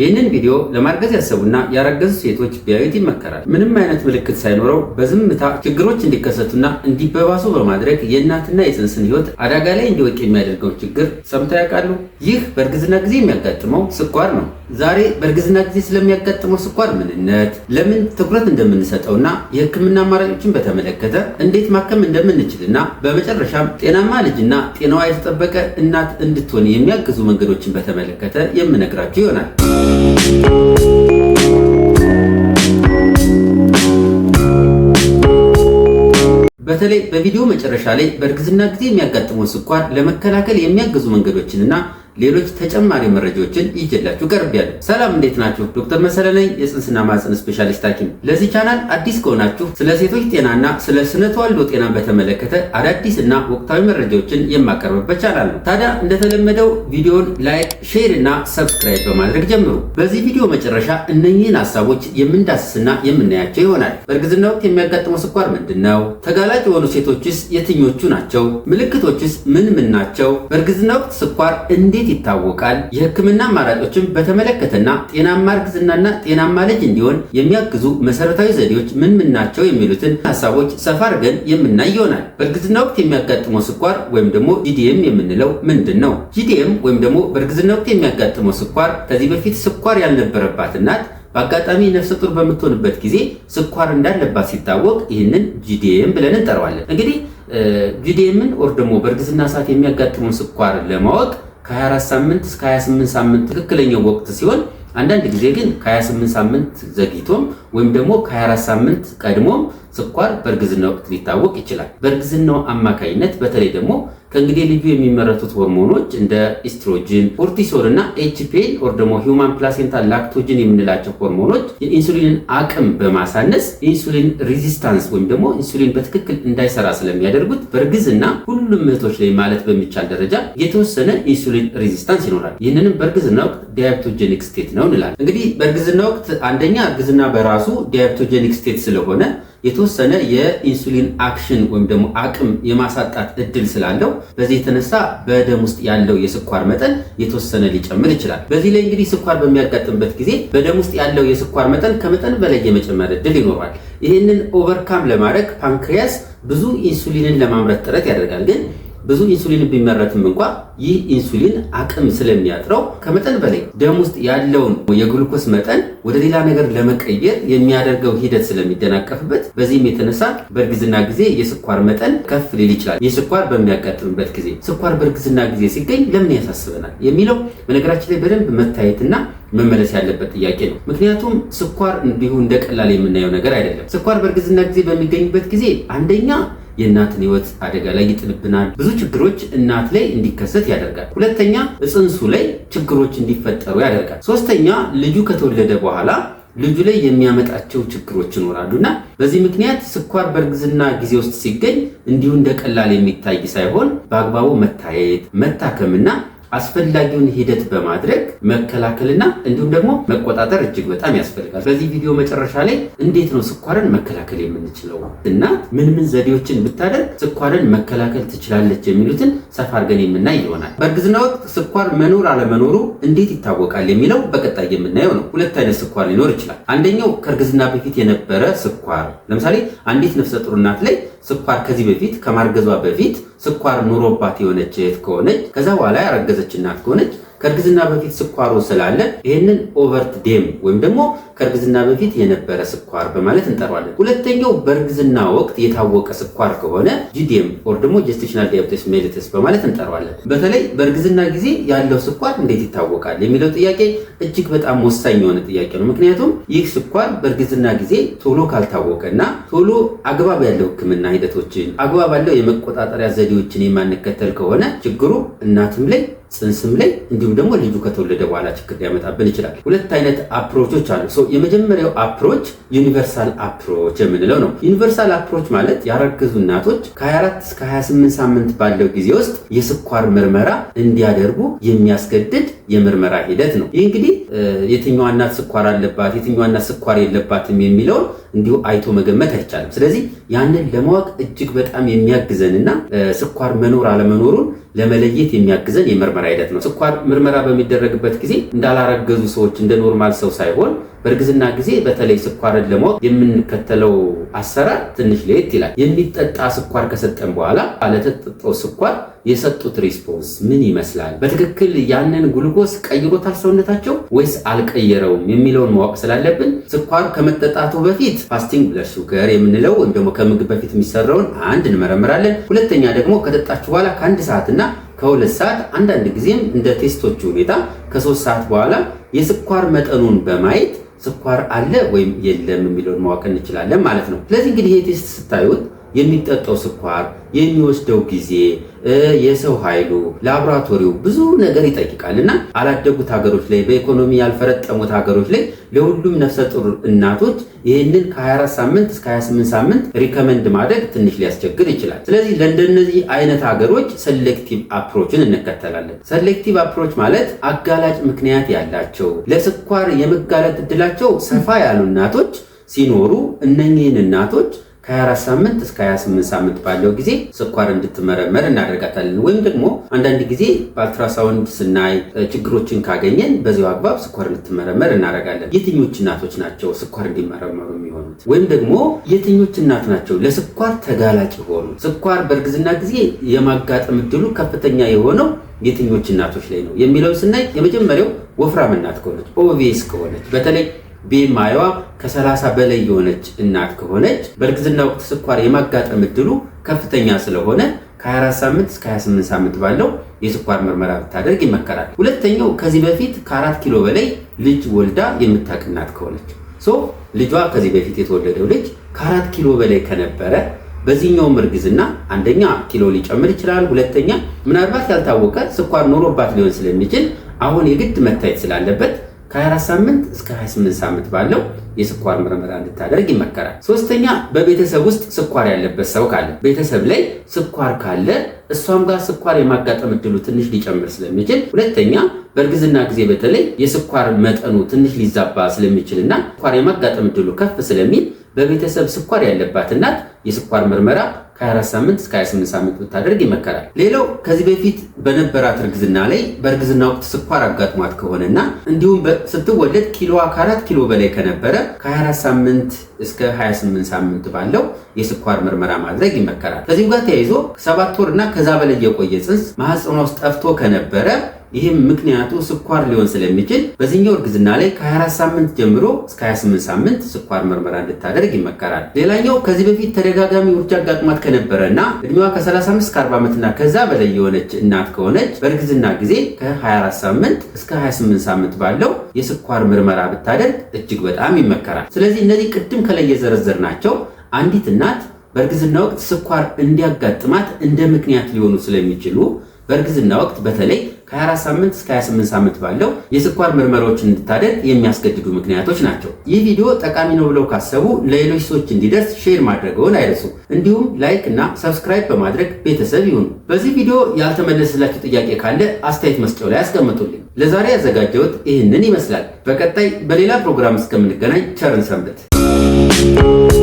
ይህንን ቪዲዮ ለማርገዝ ያሰቡና ያረገዙ ሴቶች ቢያዩት ይመከራል። ምንም አይነት ምልክት ሳይኖረው በዝምታ ችግሮች እንዲከሰቱና እንዲበባሱ በማድረግ የእናትና የፅንስን ህይወት አደጋ ላይ እንዲወቅ የሚያደርገውን ችግር ሰምተው ያውቃሉ? ይህ በእርግዝና ጊዜ የሚያጋጥመው ስኳር ነው። ዛሬ በእርግዝና ጊዜ ስለሚያጋጥመው ስኳር ምንነት፣ ለምን ትኩረት እንደምንሰጠውና የህክምና አማራጮችን በተመለከተ እንዴት ማከም እንደምንችልና በመጨረሻም ጤናማ ልጅና ጤናዋ የተጠበቀ እናት እንድትሆን የሚያግዙ መንገዶችን በተመለከተ የምነግራችሁ ይሆናል። በተለይ በቪዲዮ መጨረሻ ላይ በእርግዝና ጊዜ የሚያጋጥመው ስኳር ለመከላከል የሚያግዙ መንገዶችንና ሌሎች ተጨማሪ መረጃዎችን ይዤላችሁ ቀርቤያለሁ። ሰላም፣ እንዴት ናችሁ? ዶክተር መሰለ ነኝ የፅንስና ማህፀን ስፔሻሊስት ሐኪም። ለዚህ ቻናል አዲስ ከሆናችሁ ስለ ሴቶች ጤናና ስለ ስነ ተዋልዶ ጤና በተመለከተ አዳዲስ እና ወቅታዊ መረጃዎችን የማቀርብበት ቻናል ነው። ታዲያ እንደተለመደው ቪዲዮን ላይክ፣ ሼር እና ሰብስክራይብ በማድረግ ጀምሩ። በዚህ ቪዲዮ መጨረሻ እነኚህን ሀሳቦች የምንዳስስና የምናያቸው ይሆናል። በእርግዝና ወቅት የሚያጋጥመው ስኳር ምንድን ነው? ተጋላጭ የሆኑ ሴቶችስ የትኞቹ ናቸው? ምልክቶችስ ምን ምን ናቸው? በእርግዝና ወቅት ስኳር እንዴት እንዴት ይታወቃል? የህክምና አማራጮችን በተመለከተና ጤናማ እርግዝናና ጤናማ ልጅ እንዲሆን የሚያግዙ መሰረታዊ ዘዴዎች ምን ምን ናቸው የሚሉትን ሀሳቦች ሰፋ አድርገን የምናይ ይሆናል። በእርግዝና ወቅት የሚያጋጥመው ስኳር ወይም ደግሞ ጂዲኤም የምንለው ምንድን ነው? ጂዲኤም ወይም ደግሞ በእርግዝና ወቅት የሚያጋጥመው ስኳር ከዚህ በፊት ስኳር ያልነበረባት እናት በአጋጣሚ ነፍሰ ጡር በምትሆንበት ጊዜ ስኳር እንዳለባት ሲታወቅ ይህንን ጂዲኤም ብለን እንጠራዋለን። እንግዲህ ጂዲኤምን ወር ደግሞ በእርግዝና ሰዓት የሚያጋጥመውን ስኳር ለማወቅ ከ24 ሳምንት እስከ 28 ሳምንት ትክክለኛው ወቅት ሲሆን አንዳንድ ጊዜ ግን ከ28 ሳምንት ዘግይቶም ወይም ደግሞ ከ24 ሳምንት ቀድሞም ስኳር በእርግዝና ወቅት ሊታወቅ ይችላል። በእርግዝናው አማካይነት በተለይ ደግሞ ከእንግዲህ ልዩ የሚመረቱት ሆርሞኖች እንደ ኢስትሮጅን፣ ኮርቲሶል እና ኤችፒኤል ኦር ደግሞ ሂውማን ፕላሴንታ ላክቶጅን የምንላቸው ሆርሞኖች የኢንሱሊንን አቅም በማሳነስ የኢንሱሊን ሪዚስታንስ ወይም ደግሞ ኢንሱሊን በትክክል እንዳይሰራ ስለሚያደርጉት በእርግዝና ሁሉም እህቶች ላይ ማለት በሚቻል ደረጃ የተወሰነ ኢንሱሊን ሬዚስታንስ ይኖራል። ይህንንም በእርግዝና ወቅት ዲያብቶጀኒክ ስቴት ነው እንላለን። እንግዲህ በእርግዝና ወቅት አንደኛ እርግዝና በራሱ ዲያብቶጀኒክ ስቴት ስለሆነ የተወሰነ የኢንሱሊን አክሽን ወይም ደግሞ አቅም የማሳጣት እድል ስላለው በዚህ የተነሳ በደም ውስጥ ያለው የስኳር መጠን የተወሰነ ሊጨምር ይችላል። በዚህ ላይ እንግዲህ ስኳር በሚያጋጥምበት ጊዜ በደም ውስጥ ያለው የስኳር መጠን ከመጠን በላይ የመጨመር እድል ይኖረዋል። ይህንን ኦቨርካም ለማድረግ ፓንክሪያስ ብዙ ኢንሱሊንን ለማምረት ጥረት ያደርጋል ግን ብዙ ኢንሱሊን ቢመረትም እንኳ ይህ ኢንሱሊን አቅም ስለሚያጥረው ከመጠን በላይ ደም ውስጥ ያለውን የግሉኮስ መጠን ወደ ሌላ ነገር ለመቀየር የሚያደርገው ሂደት ስለሚደናቀፍበት በዚህም የተነሳ በእርግዝና ጊዜ የስኳር መጠን ከፍ ሊል ይችላል። ይህ ስኳር በሚያጋጥምበት ጊዜ ስኳር በእርግዝና ጊዜ ሲገኝ ለምን ያሳስበናል የሚለው በነገራችን ላይ በደንብ መታየትና መመለስ ያለበት ጥያቄ ነው። ምክንያቱም ስኳር እንዲሁ እንደ ቀላል የምናየው ነገር አይደለም። ስኳር በእርግዝና ጊዜ በሚገኝበት ጊዜ አንደኛ የእናትን ህይወት አደጋ ላይ ይጥልብናል። ብዙ ችግሮች እናት ላይ እንዲከሰት ያደርጋል። ሁለተኛ እፅንሱ ላይ ችግሮች እንዲፈጠሩ ያደርጋል። ሶስተኛ ልጁ ከተወለደ በኋላ ልጁ ላይ የሚያመጣቸው ችግሮች ይኖራሉ እና በዚህ ምክንያት ስኳር በእርግዝና ጊዜ ውስጥ ሲገኝ እንዲሁ እንደ ቀላል የሚታይ ሳይሆን በአግባቡ መታየት መታከምና አስፈላጊውን ሂደት በማድረግ መከላከልና እንዲሁም ደግሞ መቆጣጠር እጅግ በጣም ያስፈልጋል። በዚህ ቪዲዮ መጨረሻ ላይ እንዴት ነው ስኳርን መከላከል የምንችለው እና ምን ምን ዘዴዎችን ብታደርግ ስኳርን መከላከል ትችላለች የሚሉትን ሰፋ አድርገን የምናይ ይሆናል። በእርግዝና ወቅት ስኳር መኖር አለመኖሩ እንዴት ይታወቃል የሚለው በቀጣይ የምናየው ነው። ሁለት አይነት ስኳር ሊኖር ይችላል። አንደኛው ከእርግዝና በፊት የነበረ ስኳር፣ ለምሳሌ አንዲት ነፍሰ ጡር እናት ላይ ስኳር ከዚህ በፊት ከማርገዟ በፊት ስኳር ኑሮባት የሆነች እህት ከሆነች ከዛ በኋላ ያረገዘች እናት ከሆነች ከእርግዝና በፊት ስኳሩ ስላለ ይህንን ኦቨርት ዴም ወይም ደግሞ ከእርግዝና በፊት የነበረ ስኳር በማለት እንጠራዋለን። ሁለተኛው በእርግዝና ወቅት የታወቀ ስኳር ከሆነ ጂዲኤም ኦር ደግሞ ጀስቴሽናል ዲያቤቲስ ሜሊተስ በማለት እንጠራዋለን። በተለይ በእርግዝና ጊዜ ያለው ስኳር እንዴት ይታወቃል የሚለው ጥያቄ እጅግ በጣም ወሳኝ የሆነ ጥያቄ ነው። ምክንያቱም ይህ ስኳር በእርግዝና ጊዜ ቶሎ ካልታወቀ እና ቶሎ አግባብ ያለው ሕክምና ሂደቶችን አግባብ ያለው የመቆጣጠሪያ ዘዴዎችን የማንከተል ከሆነ ችግሩ እናትም ላይ ጽንስም ላይ እንዲሁም ደግሞ ልጁ ከተወለደ በኋላ ችግር ሊያመጣብን ይችላል። ሁለት አይነት አፕሮቾች አሉ። የመጀመሪያው አፕሮች ዩኒቨርሳል አፕሮች የምንለው ነው። ዩኒቨርሳል አፕሮች ማለት ያረገዙ እናቶች ከ24 እስከ 28 ሳምንት ባለው ጊዜ ውስጥ የስኳር ምርመራ እንዲያደርጉ የሚያስገድድ የምርመራ ሂደት ነው። ይህ እንግዲህ የትኛዋ እናት ስኳር አለባት፣ የትኛዋ እናት ስኳር የለባትም የሚለውን እንዲሁ አይቶ መገመት አይቻልም። ስለዚህ ያንን ለማወቅ እጅግ በጣም የሚያግዘንና ስኳር መኖር አለመኖሩን ለመለየት የሚያግዘን የምርመራ ሂደት ነው። ስኳር ምርመራ በሚደረግበት ጊዜ እንዳላረገዙ ሰዎች እንደ ኖርማል ሰው ሳይሆን በእርግዝና ጊዜ በተለይ ስኳርን ለሞት የምንከተለው አሰራር ትንሽ ለየት ይላል። የሚጠጣ ስኳር ከሰጠን በኋላ ለተጠጣው ስኳር የሰጡት ሪስፖንስ ምን ይመስላል፣ በትክክል ያንን ግሉኮስ ቀይሮታል ሰውነታቸው ወይስ አልቀየረውም የሚለውን ማወቅ ስላለብን ስኳር ከመጠጣቱ በፊት ፋስቲንግ ብለድ የምንለው ወይም ደግሞ ከምግብ በፊት የሚሰራውን አንድ እንመረምራለን። ሁለተኛ ደግሞ ከጠጣችሁ በኋላ ከአንድ ሰዓትና ከሁለት ሰዓት አንዳንድ ጊዜም እንደ ቴስቶቹ ሁኔታ ከሶስት ሰዓት በኋላ የስኳር መጠኑን በማየት ስኳር አለ ወይም የለም የሚለውን ማወቅ እንችላለን ማለት ነው። ስለዚህ እንግዲህ ይሄ ቴስት ስታዩት የሚጠጣው ስኳር፣ የሚወስደው ጊዜ፣ የሰው ኃይሉ፣ ላቦራቶሪው ብዙ ነገር ይጠይቃል እና አላደጉት ሀገሮች ላይ በኢኮኖሚ ያልፈረጠሙት ሀገሮች ላይ ለሁሉም ነፍሰ ጡር እናቶች ይህንን ከ24 ሳምንት እስከ 28 ሳምንት ሪከመንድ ማድረግ ትንሽ ሊያስቸግር ይችላል። ስለዚህ ለእንደነዚህ አይነት ሀገሮች ሰሌክቲቭ አፕሮችን እንከተላለን። ሰሌክቲቭ አፕሮች ማለት አጋላጭ ምክንያት ያላቸው ለስኳር የመጋለጥ እድላቸው ሰፋ ያሉ እናቶች ሲኖሩ እነኚህን እናቶች ከ24 ሳምንት እስከ 28 ሳምንት ባለው ጊዜ ስኳር እንድትመረመር እናደርጋታለን። ወይም ደግሞ አንዳንድ ጊዜ በአልትራሳውንድ ስናይ ችግሮችን ካገኘን በዚው አግባብ ስኳር እንድትመረመር እናደርጋለን። የትኞች እናቶች ናቸው ስኳር እንዲመረመሩ የሚሆኑት? ወይም ደግሞ የትኞች እናት ናቸው ለስኳር ተጋላጭ የሆኑ? ስኳር በእርግዝና ጊዜ የማጋጠም እድሉ ከፍተኛ የሆነው የትኞች እናቶች ላይ ነው የሚለው ስናይ የመጀመሪያው ወፍራም እናት ከሆነች ኦቬስ ከሆነች በተለይ ቢኤምአይዋ ከ30 በላይ የሆነች እናት ከሆነች በእርግዝና ወቅት ስኳር የማጋጠም እድሉ ከፍተኛ ስለሆነ ከ24 ሳምንት እስከ 28 ሳምንት ባለው የስኳር ምርመራ ብታደርግ ይመከራል። ሁለተኛው ከዚህ በፊት ከአራት ኪሎ በላይ ልጅ ወልዳ የምታውቅ እናት ከሆነች ልጇ ከዚህ በፊት የተወለደው ልጅ ከአራት ኪሎ በላይ ከነበረ በዚህኛውም እርግዝና አንደኛ ኪሎ ሊጨምር ይችላል። ሁለተኛ ምናልባት ያልታወቀ ስኳር ኖሮባት ሊሆን ስለሚችል አሁን የግድ መታየት ስላለበት ከ24 ሳምንት እስከ 28 ሳምንት ባለው የስኳር ምርመራ እንድታደርግ ይመከራል። ሶስተኛ በቤተሰብ ውስጥ ስኳር ያለበት ሰው ካለ ቤተሰብ ላይ ስኳር ካለ እሷም ጋር ስኳር የማጋጠም እድሉ ትንሽ ሊጨምር ስለሚችል፣ ሁለተኛ በእርግዝና ጊዜ በተለይ የስኳር መጠኑ ትንሽ ሊዛባ ስለሚችልና ስኳር የማጋጠም እድሉ ከፍ ስለሚል በቤተሰብ ስኳር ያለባት እናት የስኳር ምርመራ ከ24 ሳምንት እስከ 28 ሳምንት ብታደርግ ይመከራል። ሌላው ከዚህ በፊት በነበራት እርግዝና ላይ በእርግዝና ወቅት ስኳር አጋጥሟት ከሆነና እንዲሁም ስትወለድ ኪሎዋ 4 ኪሎ በላይ ከነበረ ከ24 ሳምንት እስከ 28 ሳምንት ባለው የስኳር ምርመራ ማድረግ ይመከራል። ከዚህም ጋር ተያይዞ ሰባት ወር እና ከዛ በላይ የቆየ ጽንስ ማህፀኗ ውስጥ ጠፍቶ ከነበረ ይህም ምክንያቱ ስኳር ሊሆን ስለሚችል በዚህኛው እርግዝና ላይ ከ24 ሳምንት ጀምሮ እስከ 28 ሳምንት ስኳር ምርመራ እንድታደርግ ይመከራል። ሌላኛው ከዚህ በፊት ተደጋጋሚ ውርጃ አጋጥሟት እና እድሜዋ ከ35 እስከ 40 ዓመትና ከዛ በላይ የሆነች እናት ከሆነች በእርግዝና ጊዜ ከ24 ሳምንት እስከ 28 ሳምንት ባለው የስኳር ምርመራ ብታደርግ እጅግ በጣም ይመከራል። ስለዚህ እነዚህ ቅድም ከላይ የዘረዘር ናቸው አንዲት እናት በእርግዝና ወቅት ስኳር እንዲያጋጥማት እንደ ምክንያት ሊሆኑ ስለሚችሉ በእርግዝና ወቅት በተለይ ከ24 ሳምንት እስከ 28 ሳምንት ባለው የስኳር ምርመራዎችን እንድታደርግ የሚያስገድዱ ምክንያቶች ናቸው። ይህ ቪዲዮ ጠቃሚ ነው ብለው ካሰቡ ለሌሎች ሰዎች እንዲደርስ ሼር ማድረገውን አይረሱ። እንዲሁም ላይክ እና ሰብስክራይብ በማድረግ ቤተሰብ ይሁኑ። በዚህ ቪዲዮ ያልተመለሰላቸው ጥያቄ ካለ አስተያየት መስጫው ላይ አስቀምጡልኝ። ለዛሬ ያዘጋጀሁት ይህንን ይመስላል። በቀጣይ በሌላ ፕሮግራም እስከምንገናኝ ቸርን ሰንብት።